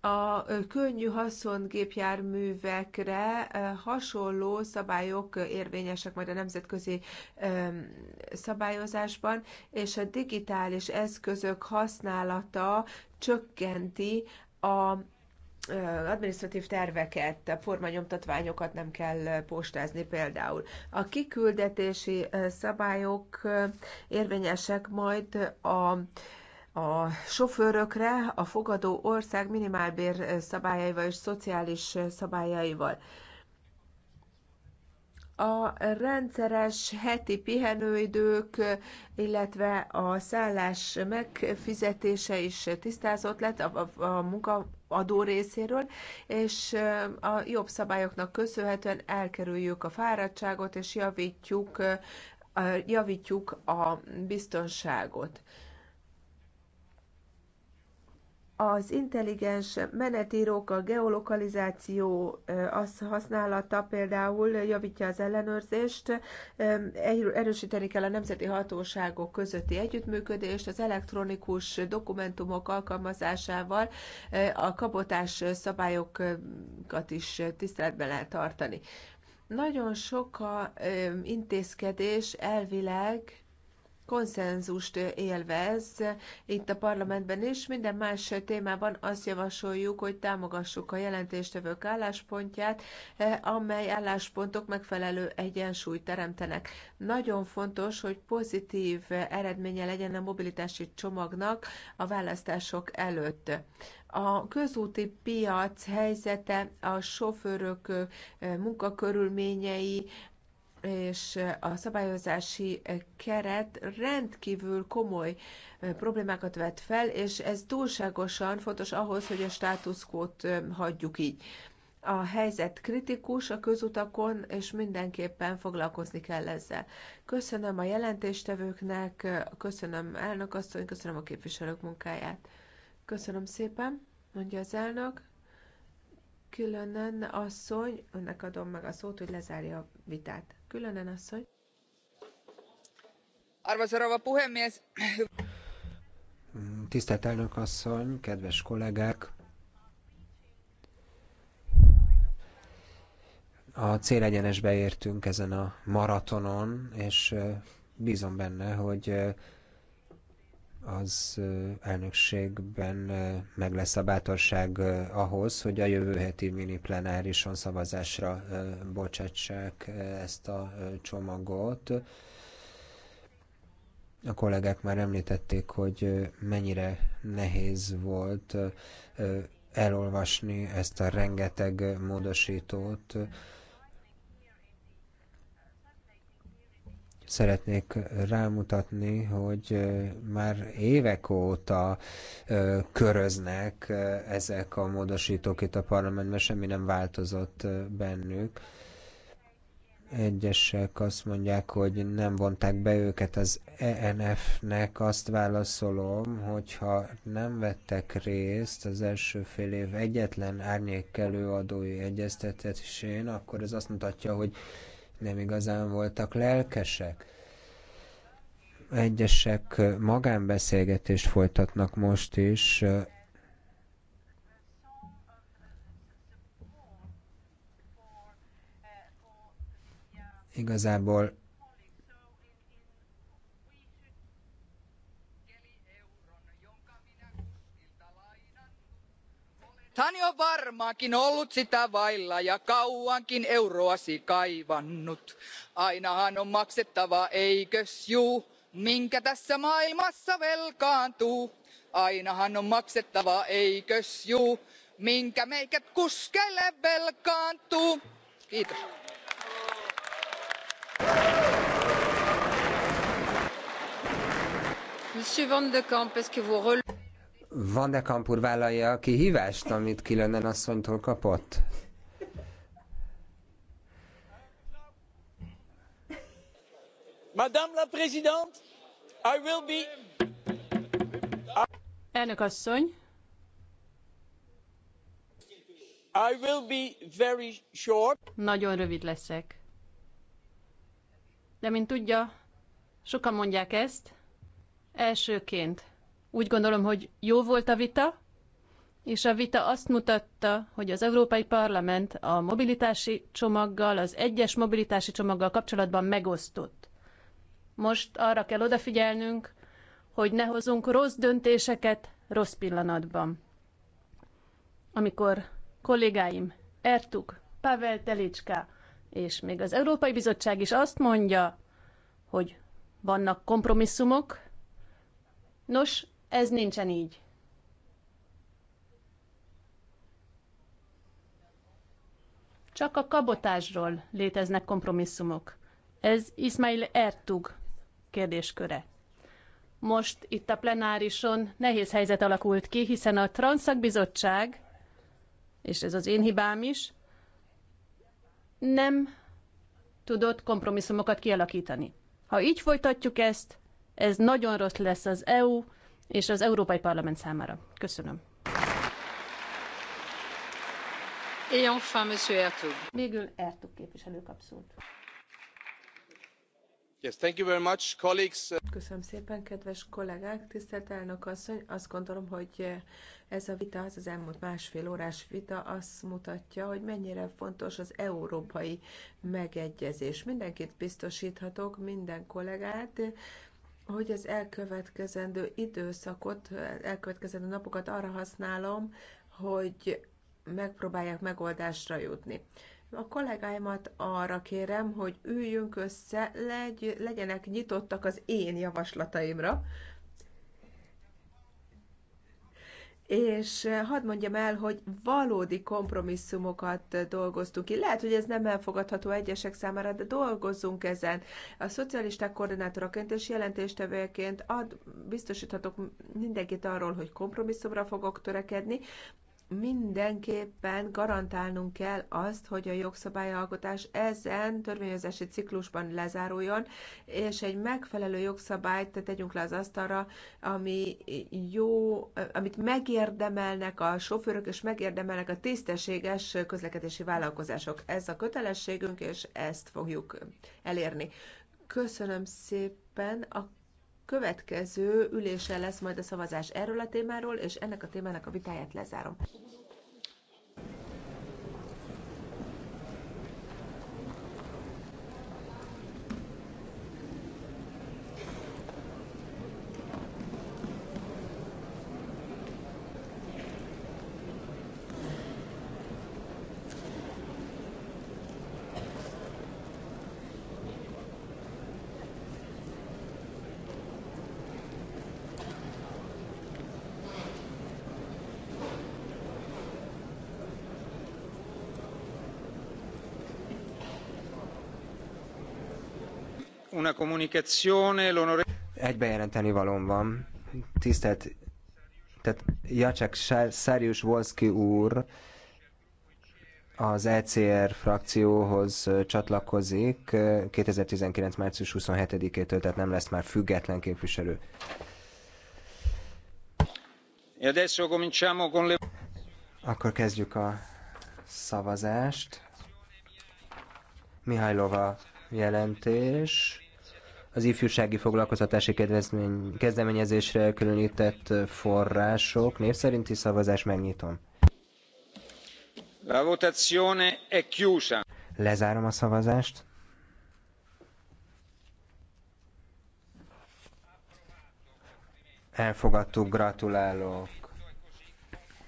Speaker 2: a könnyű haszongépjárművekre hasonló szabályok érvényesek majd a nemzetközi szabályozásban, és a digitális eszközök használata csökkenti a administratív terveket, formanyomtatványokat nem kell postázni például. A kiküldetési szabályok érvényesek majd a a sofőrökre a fogadó ország minimálbér szabályaival és szociális szabályaival. A rendszeres heti pihenőidők, illetve a szállás megfizetése is tisztázott lett a, a, a munkaadó részéről, és a jobb szabályoknak köszönhetően elkerüljük a fáradtságot és javítjuk, javítjuk a biztonságot az intelligens menetírók, a geolokalizáció az használata például javítja az ellenőrzést, erősíteni kell a nemzeti hatóságok közötti együttműködést, az elektronikus dokumentumok alkalmazásával a kabotás szabályokat is tiszteletben lehet tartani. Nagyon sok a intézkedés elvileg konszenzust élvez itt a parlamentben is. Minden más témában azt javasoljuk, hogy támogassuk a jelentéstevők álláspontját, eh, amely álláspontok megfelelő egyensúlyt teremtenek. Nagyon fontos, hogy pozitív eredménye legyen a mobilitási csomagnak a választások előtt. A közúti piac helyzete, a sofőrök eh, munkakörülményei, és a szabályozási keret rendkívül komoly problémákat vet fel, és ez túlságosan fontos ahhoz, hogy a státuszkót hagyjuk így. A helyzet kritikus a közutakon, és mindenképpen foglalkozni kell ezzel. Köszönöm a jelentéstevőknek, köszönöm elnök asszony, köszönöm a képviselők munkáját. Köszönöm szépen, mondja az elnök. Különen asszony, önnek adom meg a szót, hogy lezárja a vitát. Különen asszony. Arvoisa rouva puhemies.
Speaker 1: Tisztelt elnök asszony, kedves kollégák! A célegyenesbe értünk ezen a maratonon, és bízom benne, hogy az elnökségben meg lesz a bátorság ahhoz, hogy a jövő heti mini plenárison szavazásra bocsátsák ezt a csomagot. A kollégák már említették, hogy mennyire nehéz volt elolvasni ezt a rengeteg módosítót, szeretnék rámutatni, hogy már évek óta köröznek ezek a módosítók itt a parlamentben, semmi nem változott bennük. Egyesek azt mondják, hogy nem vonták be őket az ENF-nek, azt válaszolom, hogyha nem vettek részt az első fél év egyetlen árnyékelő adói egyeztetésén, akkor ez azt mutatja, hogy nem igazán voltak lelkesek. Egyesek magánbeszélgetést folytatnak most is, igazából nythän jo varmaankin ollut sitä vailla ja kauankin euroasi kaivannut. ainahan on maksettava eikös
Speaker 2: juu minkä tässä maailmassa velkaantuu. ainahan on maksettava
Speaker 1: eikös juu minkä meikät kuskeille velkaantuu. kiitos. Van de Kampur vállalja a kihívást, amit Kilönen asszonytól kapott?
Speaker 2: Madame la Présidente, I will be...
Speaker 3: Elnök asszony.
Speaker 1: I will be very short.
Speaker 3: Nagyon rövid leszek. De mint tudja, sokan mondják ezt, elsőként úgy gondolom, hogy jó volt a vita, és a vita azt mutatta, hogy az Európai Parlament a mobilitási csomaggal, az egyes mobilitási csomaggal kapcsolatban megosztott. Most arra kell odafigyelnünk, hogy ne hozunk rossz döntéseket rossz pillanatban. Amikor kollégáim Ertuk, Pavel Telicska és még az Európai Bizottság is azt mondja, hogy vannak kompromisszumok, nos, ez nincsen így. Csak a kabotásról léteznek kompromisszumok. Ez Ismail Ertug kérdésköre. Most itt a plenárison nehéz helyzet alakult ki, hiszen a Transzakbizottság, és ez az én hibám is, nem tudott kompromisszumokat kialakítani. Ha így folytatjuk ezt, ez nagyon rossz lesz az EU és az Európai Parlament számára. Köszönöm.
Speaker 1: Et enfin, Monsieur Ertug. Végül
Speaker 2: Ertug képviselő kap
Speaker 1: Yes, thank you very much,
Speaker 2: colleagues. Köszönöm szépen, kedves kollégák, tisztelt elnök asszony. Azt gondolom, hogy ez a vita, az az elmúlt másfél órás vita azt mutatja, hogy mennyire fontos az európai megegyezés. Mindenkit biztosíthatok, minden kollégát, hogy az elkövetkezendő időszakot, elkövetkezendő napokat arra használom, hogy megpróbálják megoldásra jutni. A kollégáimat arra kérem, hogy üljünk össze, legy, legyenek nyitottak az én javaslataimra, és eh, hadd mondjam el, hogy valódi kompromisszumokat eh, dolgoztunk ki. Lehet, hogy ez nem elfogadható egyesek számára, de dolgozzunk ezen. A szocialisták koordinátoraként és jelentéstevőként ad, biztosíthatok mindenkit arról, hogy kompromisszumra fogok törekedni, mindenképpen garantálnunk kell azt, hogy a jogszabályalkotás ezen törvényezési ciklusban lezáruljon, és egy megfelelő jogszabályt tegyünk le az asztalra, ami jó, amit megérdemelnek a sofőrök, és megérdemelnek a tisztességes közlekedési vállalkozások. Ez a kötelességünk, és ezt fogjuk elérni. Köszönöm szépen. A következő ülésen lesz majd a szavazás erről a témáról, és ennek a témának a vitáját lezárom.
Speaker 1: Una Egy bejelenteni van. Tisztelt, tehát Jacek Szárius Wolski úr az ECR frakcióhoz csatlakozik 2019. március 27-től, tehát nem lesz már független képviselő. E Akkor kezdjük a szavazást. Mihajlova jelentés az ifjúsági foglalkoztatási kedvezmény, kezdeményezésre különített források. Név szerinti szavazás megnyitom. La votazione è chiusa. Lezárom a szavazást. Elfogadtuk, gratulálok.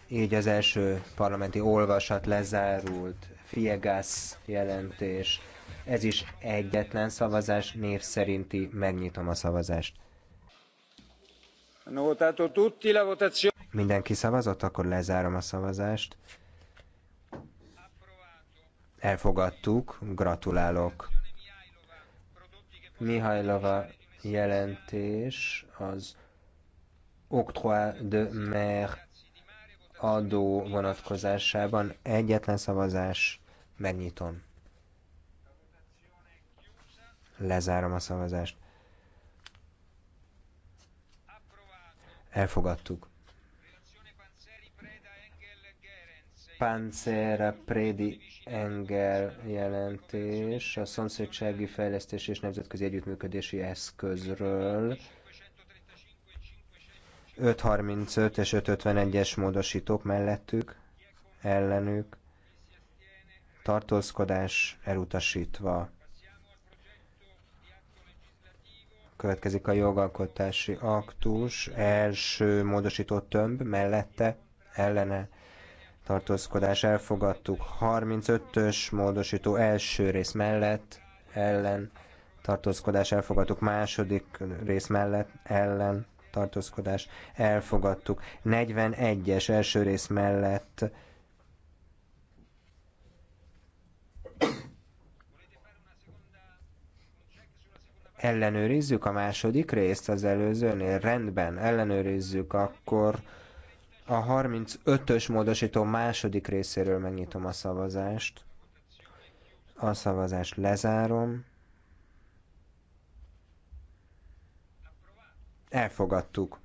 Speaker 1: Így az első parlamenti olvasat lezárult. Fiegász jelentés. Ez is egyetlen szavazás, név szerinti, megnyitom a szavazást. Mindenki szavazott, akkor lezárom a szavazást. Elfogadtuk, gratulálok. Mihajlova jelentés az octroi de mer adó vonatkozásában egyetlen szavazás, megnyitom. Lezárom a szavazást. Elfogadtuk. Panzer Predi Engel jelentés a szomszédsági fejlesztés és nemzetközi együttműködési eszközről. 535 és 551-es módosítók mellettük, ellenük, tartózkodás elutasítva. Következik a jogalkotási aktus, első módosított tömb mellette ellene tartózkodás elfogadtuk. 35-ös módosító első rész mellett ellen tartózkodás elfogadtuk. Második rész mellett ellen tartózkodás elfogadtuk. 41-es első rész mellett ellenőrizzük a második részt az előzőnél, rendben, ellenőrizzük, akkor a 35-ös módosító második részéről megnyitom a szavazást. A szavazást lezárom. Elfogadtuk.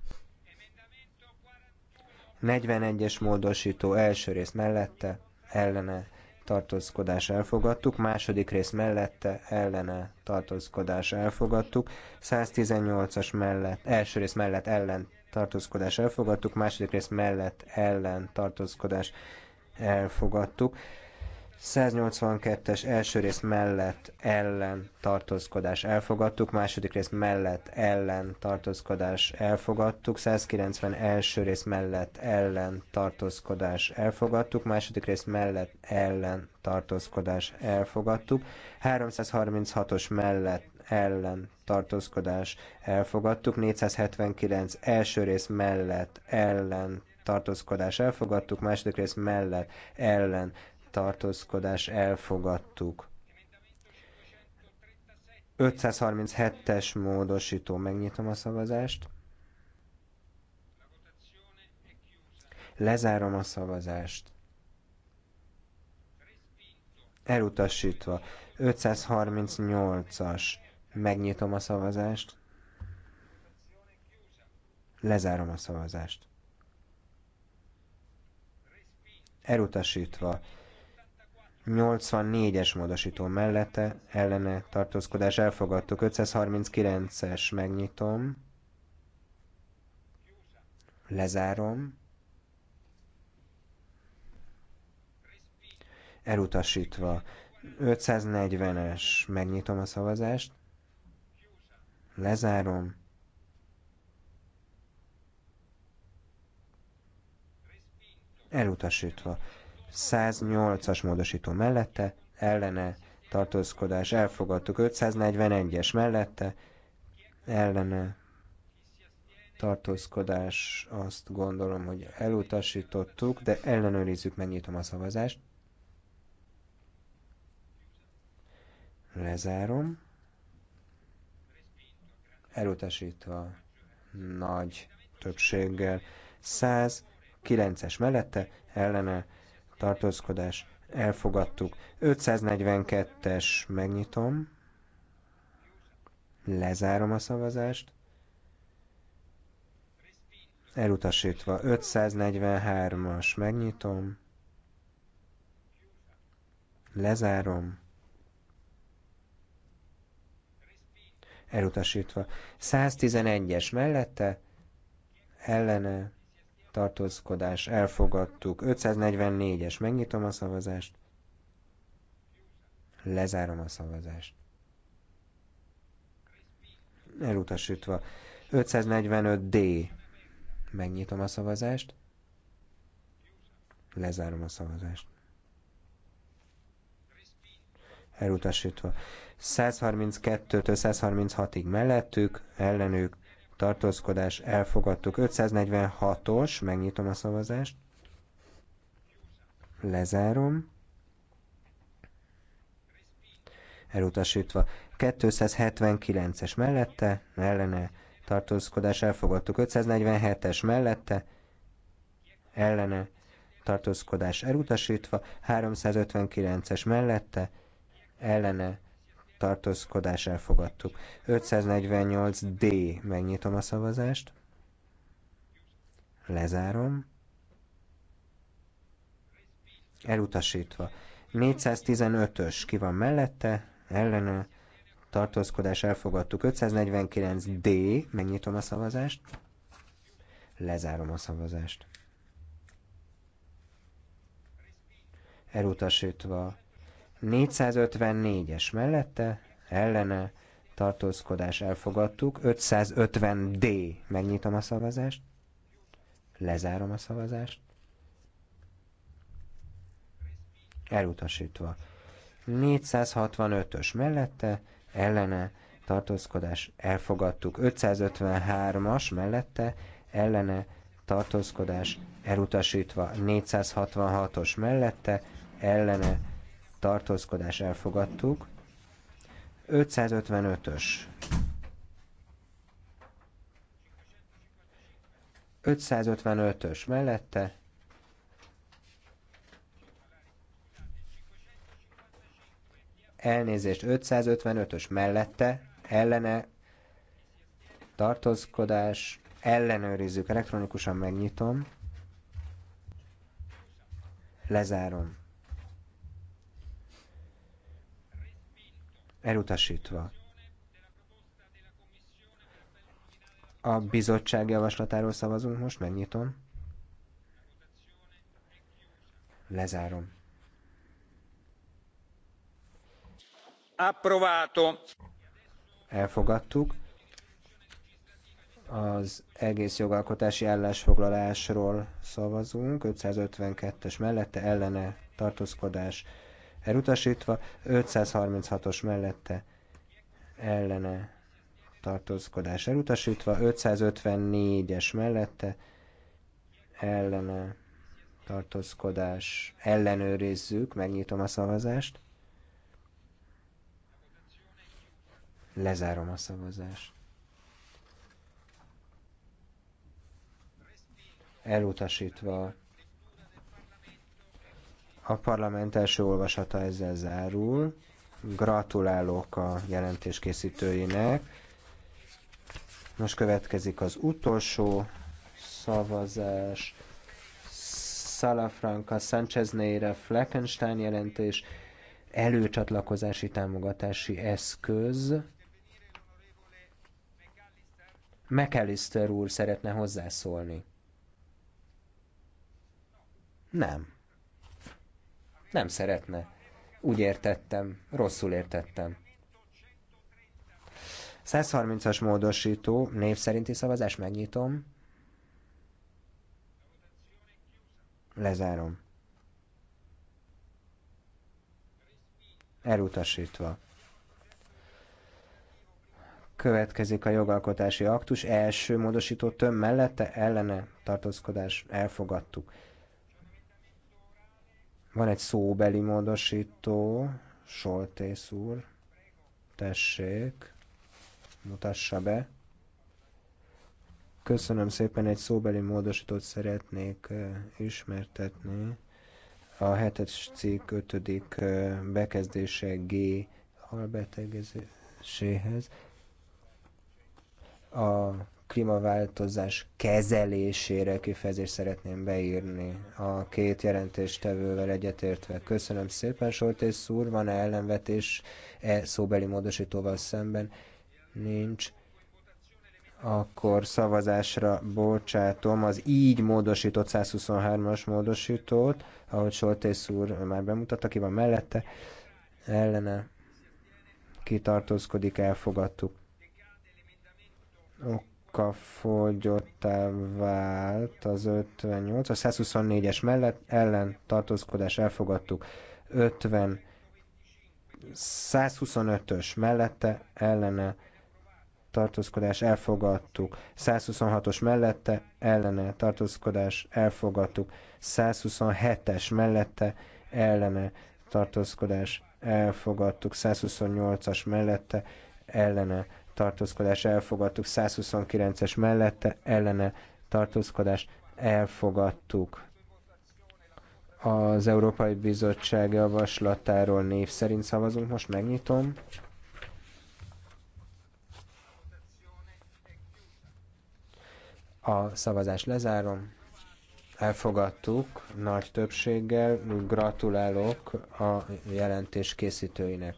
Speaker 1: 41-es módosító első rész mellette, ellene tartózkodás elfogadtuk, második rész mellette ellene tartózkodás elfogadtuk, 118-as mellett, első rész mellett ellen tartózkodás elfogadtuk, második rész mellett ellen tartózkodás elfogadtuk. 182-es első rész mellett ellen tartózkodás elfogadtuk, második rész mellett ellen tartózkodás elfogadtuk, 190 első rész mellett ellen tartózkodás elfogadtuk, második rész mellett ellen tartózkodás elfogadtuk, 336-os mellett ellen tartózkodás elfogadtuk, 479 első rész mellett ellen tartózkodás elfogadtuk, második rész mellett ellen tartózkodás elfogadtuk. 537-es módosító, megnyitom a szavazást. Lezárom a szavazást. Elutasítva. 538-as. Megnyitom a szavazást. Lezárom a szavazást. Elutasítva. 84-es módosító mellette ellene tartózkodás elfogadtuk. 539-es megnyitom. Lezárom. Elutasítva. 540-es megnyitom a szavazást. Lezárom. Elutasítva. 108-as módosító mellette, ellene tartózkodás elfogadtuk. 541-es mellette, ellene tartózkodás azt gondolom, hogy elutasítottuk, de ellenőrizzük, megnyitom a szavazást. Lezárom. Elutasítva nagy többséggel. 109-es mellette ellene tartózkodás elfogadtuk. 542-es megnyitom, lezárom a szavazást, elutasítva 543-as megnyitom, lezárom, elutasítva 111-es mellette, ellene, tartózkodás elfogadtuk. 544-es, megnyitom a szavazást, lezárom a szavazást. Elutasítva. 545D, megnyitom a szavazást, lezárom a szavazást. Elutasítva. 132-től 136-ig mellettük, ellenük tartózkodás elfogadtuk. 546-os, megnyitom a szavazást, lezárom, elutasítva. 279-es mellette, ellene, tartózkodás elfogadtuk. 547-es mellette, ellene, tartózkodás elutasítva. 359-es mellette, ellene, tartózkodás elfogadtuk. 548D, megnyitom a szavazást, lezárom, elutasítva. 415-ös ki van mellette, ellene, tartózkodás elfogadtuk. 549D, megnyitom a szavazást, lezárom a szavazást. Elutasítva 454-es mellette, ellene, tartózkodás elfogadtuk. 550D, megnyitom a szavazást, lezárom a szavazást. Elutasítva. 465-ös mellette, ellene, tartózkodás elfogadtuk. 553-as mellette, ellene, tartózkodás elutasítva. 466-os mellette, ellene, tartózkodás elfogadtuk. 555-ös. 555-ös mellette elnézést 555-ös mellette ellene tartózkodás ellenőrizzük elektronikusan megnyitom lezárom elutasítva. A bizottság javaslatáról szavazunk, most megnyitom. Lezárom. Approvato. Elfogadtuk. Az egész jogalkotási állásfoglalásról szavazunk. 552-es mellette ellene tartózkodás elutasítva, 536-os mellette ellene tartózkodás elutasítva, 554-es mellette ellene tartózkodás ellenőrizzük, megnyitom a szavazást. Lezárom a szavazást. Elutasítva a parlament első olvasata ezzel zárul. Gratulálok a jelentés készítőinek. Most következik az utolsó szavazás. Salafranca, Sanchez Neira, Fleckenstein jelentés, előcsatlakozási támogatási eszköz. McAllister úr szeretne hozzászólni. Nem. Nem szeretne. Úgy értettem, rosszul értettem. 130-as módosító, név szerinti szavazás, megnyitom. Lezárom. Elutasítva. Következik a jogalkotási aktus, első módosító töm mellette ellene tartózkodás elfogadtuk. Van egy szóbeli módosító, Soltész úr. Tessék, mutassa be. Köszönöm szépen, egy szóbeli módosítót szeretnék ismertetni. A 7. cikk 5. bekezdése G halbetegezéséhez. A klímaváltozás kezelésére kifejezést szeretném beírni a két jelentéstevővel egyetértve. Köszönöm szépen, Soltész úr, van-e ellenvetés e szóbeli módosítóval szemben? Nincs. Akkor szavazásra bocsátom az így módosított 123-as módosítót, ahogy Soltész úr már bemutatta, ki van mellette, ellene kitartózkodik, elfogadtuk. Oké fogyottá vált az 58, a 124-es mellett ellen tartózkodás elfogadtuk 50, 125-ös mellette ellene tartózkodás elfogadtuk, 126-os mellette ellene tartózkodás elfogadtuk, 127-es mellette ellene tartózkodás elfogadtuk, 128-as mellette ellene tartózkodás elfogadtuk, 129-es mellette ellene tartózkodás elfogadtuk. Az Európai Bizottság javaslatáról név szerint szavazunk, most megnyitom. A szavazást lezárom elfogadtuk nagy többséggel. Gratulálok a jelentés készítőinek.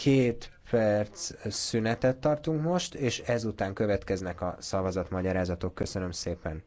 Speaker 1: Két perc szünetet tartunk most, és ezután következnek a szavazatmagyarázatok. Köszönöm szépen!